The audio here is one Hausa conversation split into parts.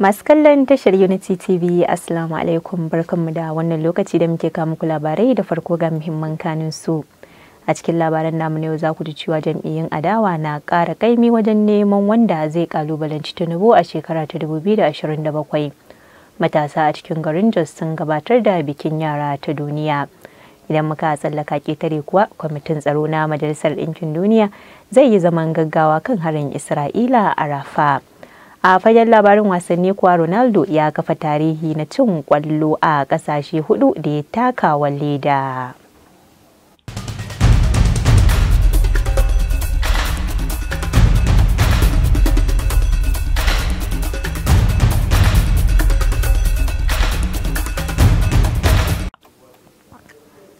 Masu kallon tashar Unity TV Assalamu alaikum barkanmu da wannan lokaci da muke kawo muku labarai da farko ga muhimman kanin su. A cikin labaran namu na yau za ku ji cewa jam'iyyun adawa na ƙara kaimi wajen neman wanda zai kalubalanci Tinubu a shekara ta 2027. Matasa a cikin garin Jos sun gabatar da bikin yara ta duniya. Idan muka tsallaka ƙetare kuwa kwamitin tsaro na Majalisar Ɗinkin Duniya zai yi zaman gaggawa kan harin Isra'ila a Rafa. a fagen labarin wasanni kuwa ronaldo ya kafa tarihi na cin kwallo a kasashe hudu da ya takawa leda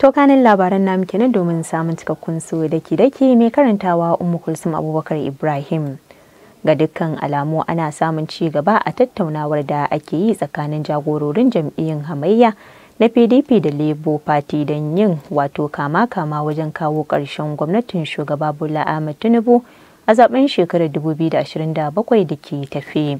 da. labaran namu kenan domin samun cikakkun su daki-daki mai karantawa Ummu Kulsum Abubakar Ibrahim. ga dukkan alamu ana samun ci gaba a tattaunawar da ake yi tsakanin jagororin jam'iyyun hamayya na pdp da labour party don yin wato kama-kama wajen kawo ƙarshen gwamnatin shugaba bola ahmed tinubu a zaben shekarar 2027 da ke tafe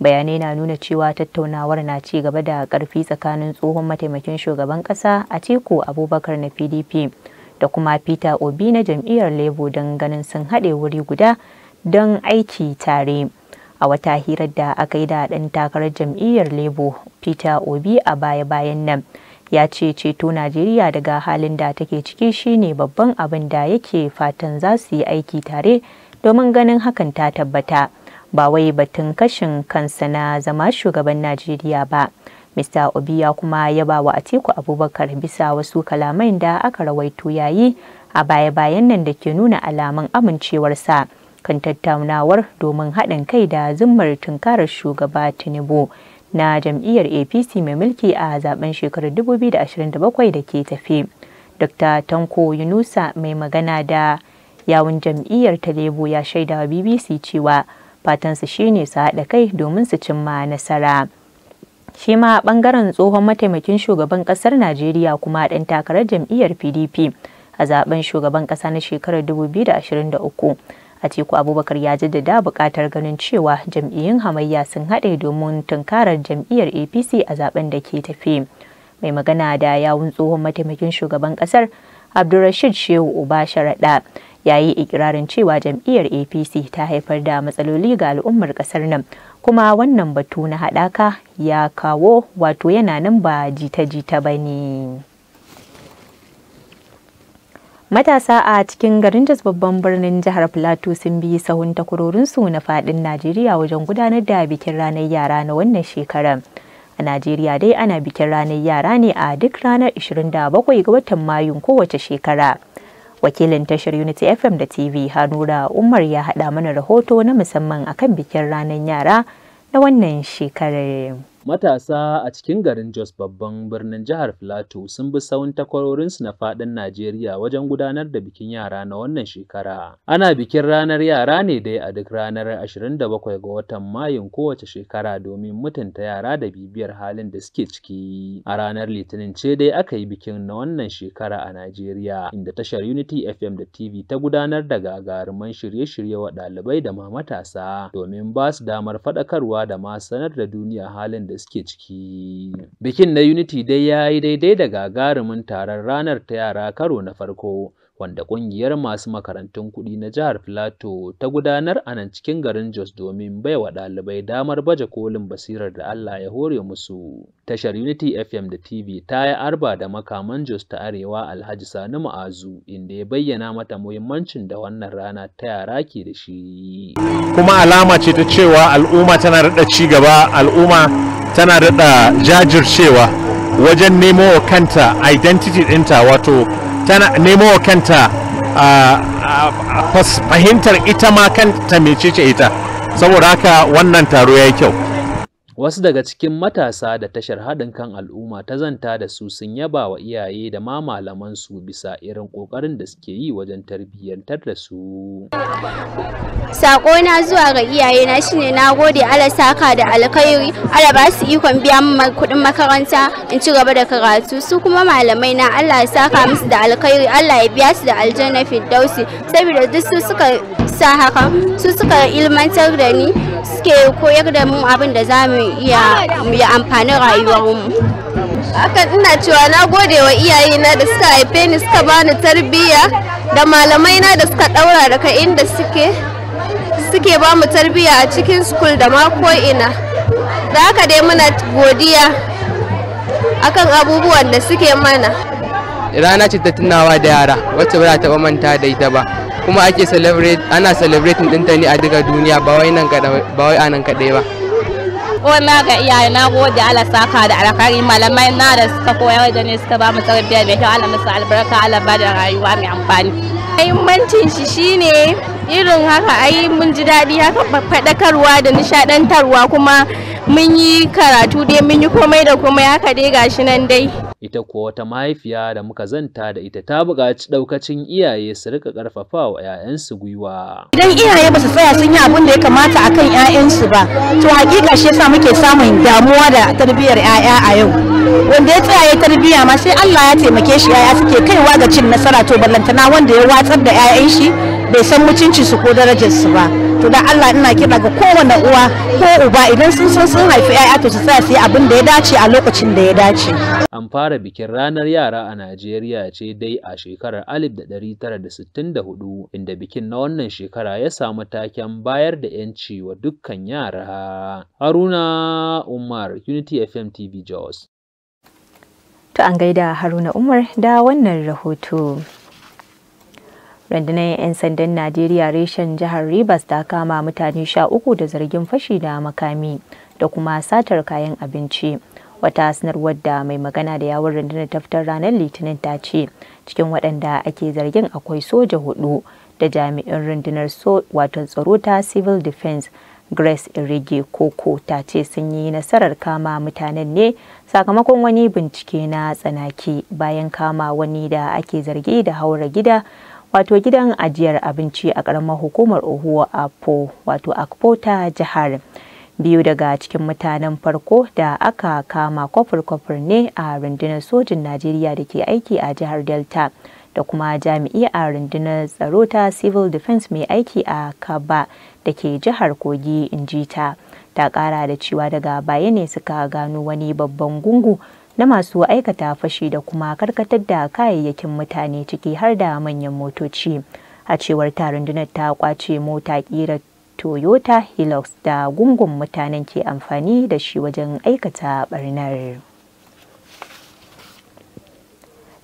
bayanai na nuna cewa tattaunawar na ci gaba da ƙarfi tsakanin tsohon mataimakin shugaban ƙasa teku abubakar na pdp da kuma peter obi na jam'iyyar labour don ganin sun haɗe wuri guda don aiki tare a wata hirar da aka yi da ɗan takarar jam'iyyar Labo peter obi a baya-bayan nan ya ce ceto najeriya daga halin da take ciki shine babban abin da yake fatan za su yi aiki tare domin ganin hakan ta tabbata ba wai batun kashin kansa na zama shugaban najeriya ba mr obi ya kuma yaba wa atiku abubakar bisa wasu kalamai da aka rawaito yayi a baya-bayan nan da ke nuna alamun amincewarsa kan tattaunawar domin haɗin kai da zimmar tunkarar shugaba Tinubu na jam'iyyar APC mai mulki a zaben shekarar 2027 da ke tafe. Dr. Tanko Yunusa mai magana da yawun jam'iyyar ta Lebo ya shaida wa BBC cewa fatansu shine su haɗa kai domin su cimma nasara. Shi ma ɓangaren tsohon mataimakin shugaban ƙasar Najeriya kuma ɗan takarar jam'iyyar PDP a zaben shugaban ƙasa na shekarar 2023. a teku Abubakar ya jaddada bukatar ganin cewa jam'iyyun hamayya sun haɗe domin tunkarar jam'iyyar APC a zaben da ke tafi. Mai magana da yawun tsohon mataimakin shugaban ƙasar Abdulrashid Shehu Uba Sharaɗa ya yi ikirarin cewa jam'iyyar APC ta haifar da matsaloli ga al'ummar ƙasar nan kuma wannan batu na haɗaka ya kawo wato yana nan ba jita-jita ba ne. Matasa a cikin garin Jos babban birnin jihar Plateau sun bi sahun takurorinsu na fadin Najeriya wajen gudanar da bikin ranar yara na wannan shekara A Najeriya dai ana bikin ranar yara ne a duk ranar 27 ga watan Mayu kowace shekara. Wakilin tashar Unity FM da TV Hanura Umar ya haɗa mana rahoto na musamman akan bikin ranar yara na wannan shekarar. Matasa a cikin garin Jos babban birnin jihar Filato sun bi takwarorin takwarorinsu na faɗin Najeriya wajen gudanar da bikin yara na wannan shekara. Ana bikin ranar yara ne dai a duk ranar 27 ga watan Mayun kowace shekara domin mutunta yara da bibiyar halin da suke ciki. A ranar Litinin ce dai aka yi bikin na wannan shekara a Najeriya inda tashar Unity FM da TV ta gudanar da gagaruman shirye-shirye wa ɗalibai da ma matasa domin ba su damar faɗakarwa da ma sanar da duniya halin da suke ciki. Bikin na Unity dai ya yi daidai da gagarumin taron ranar ta yara karo na farko wanda ƙungiyar masu makarantun kuɗi na jihar Filato ta gudanar a nan cikin garin Jos domin bai wa ɗalibai damar baje kolin basirar da Allah ya hore musu. Tashar Unity FM da TV ta yi arba da makaman Jos ta Arewa Alhaji Sani Ma'azu inda ya bayyana mata muhimmancin da wannan rana ta yara ke da shi. Kuma alama ce ta cewa al'umma tana raɗa ci gaba al'umma tana daɗa jajircewa wajen nemo wa kanta identity dinta wato tana nemo wa kanta fahimtar ita ma kanta mecece ita saboda haka wannan taro ya yi kyau Wasu daga cikin matasa da tashar haɗin kan al'umma ta zanta da su sun yaba wa iyaye da ma malamansu bisa irin ƙoƙarin da suke yi wajen tarbiyyantar da su. na zuwa ga iyayena shine na gode ala saka da alkhairi ala ba su ikon biya min kuɗin makaranta in ci gaba da karatu su kuma malamai na Allah ya saka musu da alkhairi Allah ya biya su da aljanna Fiddausi, saboda duk su suka sa haka su suka ilmantar da ni suke koyar da mu abin da za mu iya amfani rayuwarmu hakan ina cewa na gode wa iyayena da suka haife ni suka bani tarbiyya da malamai na da suka daura daga inda suke suke ba mu tarbiyya a cikin school da ma ko'ina da haka dai muna godiya akan abubuwan da suke mana rana ce ta tunawa da yara wacce ba za ta manta da ita ba kuma ake celebrate ana celebrating ɗinta ne a duka duniya ba wai nan kaɗai ba wai anan kaɗai ba na ga iyaye na gode Allah saka da alkhairi malamai na da suka koyar da ne suka ba mu tarbiyya mai kyau Allah musu albarka Allah ba da rayuwa mai amfani muhimmancin shi shine irin haka ai mun ji daɗi haka faɗakarwa da nishaɗantarwa kuma mun yi karatu dai mun yi komai da komai haka dai gashi nan dai ita kuwa wata mahaifiya da muka zanta da ita ta buƙaci ɗaukacin iyaye su rika ƙarfafa wa 'ya'yansu gwiwa. Idan iyaye ba su tsaya sun yi abin da ya kamata a kan 'ya'yansu ba, to hakika shi yasa muke samun damuwa da tarbiyyar 'ya'ya a yau. Wanda ya tsaya ya tarbiyya ma sai Allah ya taimake shi 'ya'ya suke kaiwa ga cin nasara to ballantana wanda ya watsar da 'ya'yan shi bai san mutunci su ko darajar su ba to dan Allah ina kira ga kowane uwa ko uba idan sun san sun haifi 'ya'ya to su tsaya su yi abin da ya dace a lokacin da ya dace an fara bikin ranar yara a Najeriya ce dai a shekarar 1964 inda bikin na wannan shekara ya samu taken bayar da 'yanci wa dukkan yara Haruna Umar Unity FM TV Jos To an gaida Haruna Umar da wannan rahoto. rundunar 'yan sandan najeriya reshen jihar rivers ta kama mutane sha uku da zargin fashi da makami da kuma satar kayan abinci wata sanarwar da mai magana da yawon rundunar taftar ranar litinin ta ce cikin waɗanda ake zargin akwai soja hudu da jami'in rundunar so wato tsaro ta civil defense grace irige koko ta ce sun yi nasarar kama mutanen ne sakamakon wani bincike na tsanaki bayan kama wani da ake zargi da haura gida wato gidan ajiyar abinci a ƙaramar hukumar ohuwa apo wato akpo ta jihar biyu daga cikin mutanen farko da aka kama kwafur-kwafur ne a rundunar sojin najeriya da ke aiki a jihar delta da kuma jami'i a rundunar tsaro ta civil defense mai aiki a kaba da ke jihar kogi injita ta ta kara da cewa daga baya ne suka gano wani babban gungu na masu aikata fashi da kuma karkatar da kayayyakin mutane ciki har da manyan motoci a cewar ta rundunar ta kwace mota kira toyota hilux da gungun mutanen ke amfani da shi wajen aikata barnar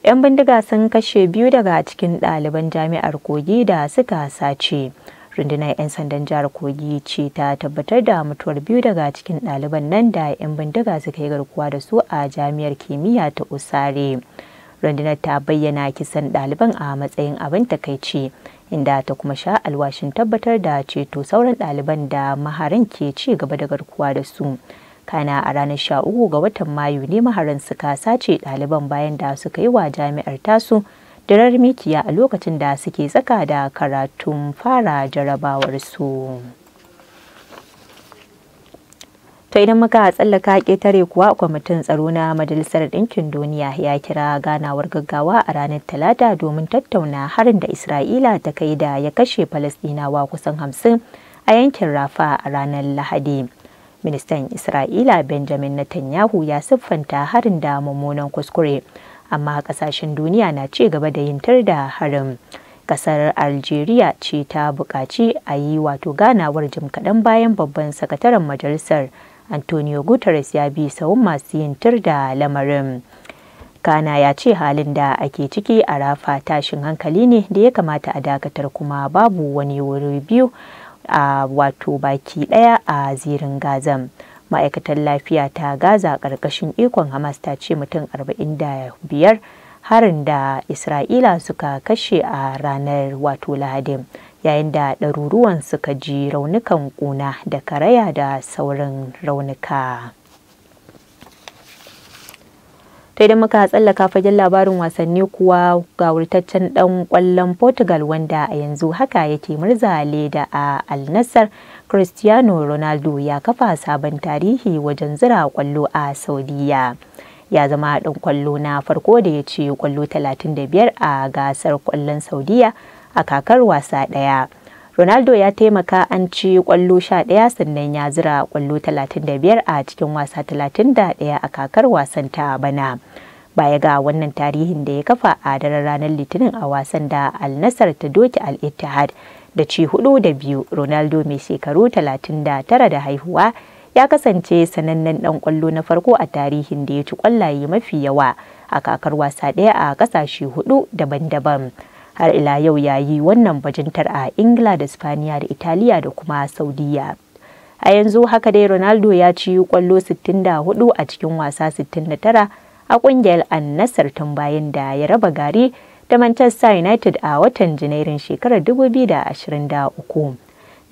'yan bindiga sun kashe biyu daga cikin ɗaliban jami'ar kogi da suka sace rundunar 'yan sandan jihar kogi ce ta tabbatar da mutuwar biyu daga cikin ɗaliban nan da 'yan bindiga suka yi garkuwa da su a jami'ar kimiyya ta usare rundunar ta bayyana kisan ɗaliban a matsayin abin takaici inda ta kuma sha alwashin tabbatar da ceto sauran ɗaliban da maharan ke ci gaba da garkuwa da su kana a ranar uku ga watan mayu ne maharan suka sace ɗaliban bayan da suka yi wa jami'ar tasu dirar mikiya a lokacin da suke tsaka da karatun fara su. To idan muka tsallaka ƙetare kuwa kwamitin tsaro na Majalisar Ɗinkin Duniya ya kira ganawar gaggawa a ranar Talata domin tattauna harin da Isra'ila ta kai da ya kashe Falasɗinawa kusan hamsin a yankin Rafa a ranar Lahadi. Ministan Isra'ila Benjamin Netanyahu ya siffanta harin da mummunan kuskure. amma kasashen duniya na ci gaba da yintar da harin kasar algeria ce ta buƙaci a yi wato ganawar jim kaɗan bayan babban sakataren majalisar antonio guterres ya bi sahun masu yintar da lamarin kana ya ce halin da ake ciki a rafa tashin hankali ne da ya kamata a dakatar kuma babu wani wuri biyu a wato baki daya a zirin gazan. ma'aikatar lafiya ta gaza ƙarƙashin ikon hamas ta ce mutum 45 harin da isra'ila suka kashe a ranar wato lahadin yayin da ɗaruruwan suka ji raunukan ƙuna da karaya da saurin raunuka. ta idan muka tsallaka fagen labarin wasanni kuwa ga wurtaccen dan kwallon portugal wanda a yanzu haka yake murza leda a alnassar cristiano ronaldo ya kafa sabon tarihi wajen zira kwallo a saudiya ya zama dan kwallo na farko da ya ce kwallo 35 a gasar kwallon saudiya a kakar wasa daya Ronaldo ya taimaka an ci kwallo 11 sannan ya zira kwallo 35 a cikin wasa 31 a kakar wasan ta bana. Baya ga wannan tarihin da ya kafa a daren ranar Litinin a wasan da Al nasar ta doki Al Ittihad da ci hudu da biyu Ronaldo mai shekaru 39 da haihuwa ya kasance sanannen dan kwallo na farko a tarihin da ya ci kwallaye mafi yawa a kakar wasa daya a kasashe hudu daban-daban. har ila yau ya yi wannan bajintar a ingila da spaniya da italiya da kuma saudiya a yanzu haka dai ronaldo ya ci kwallo 64 a cikin wasa 69 a kungiyar nasar tun bayan da ya raba gari da manchester united a watan janairun shekarar 2023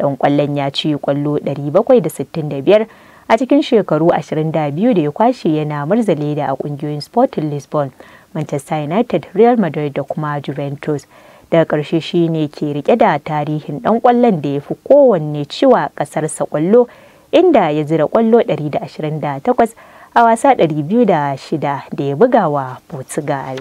ɗan kwallon ya ci kwallo 765 a cikin shekaru 22 da ya kwashe yana murzale da a kungiyoyin sporting lisbon manchester united real madrid da kuma juventus daga ƙarshe shine ke rike da tarihin ɗan ƙwallon da ya fi kowanne ciwa ƙasarsa ƙwallo inda ya zira ƙwallo 128 a wasa 206 da ya buga wa portugal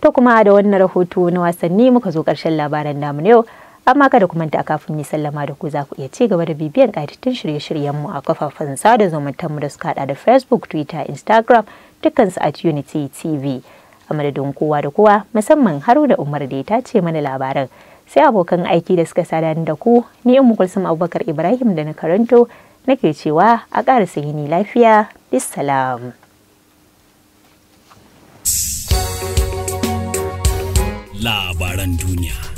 ta kuma da wannan rahoto na wasanni muka zo ƙarshen labaran namu yau amma kada ku manta kafin mu sallama da ku za ku iya ci gaba da bibiyan ƙaitattun shirye mu a kafafen sada mu da suka hada da facebook twitter instagram dukansu at unity tv a madadin kowa da kowa musamman haruna umar da ta ce mana labaran sai abokan aiki da suka sada ni da ku ni in kulsum abubakar ibrahim da na karanto nake cewa a ƙara sayini lafiya Bissalam. labaran duniya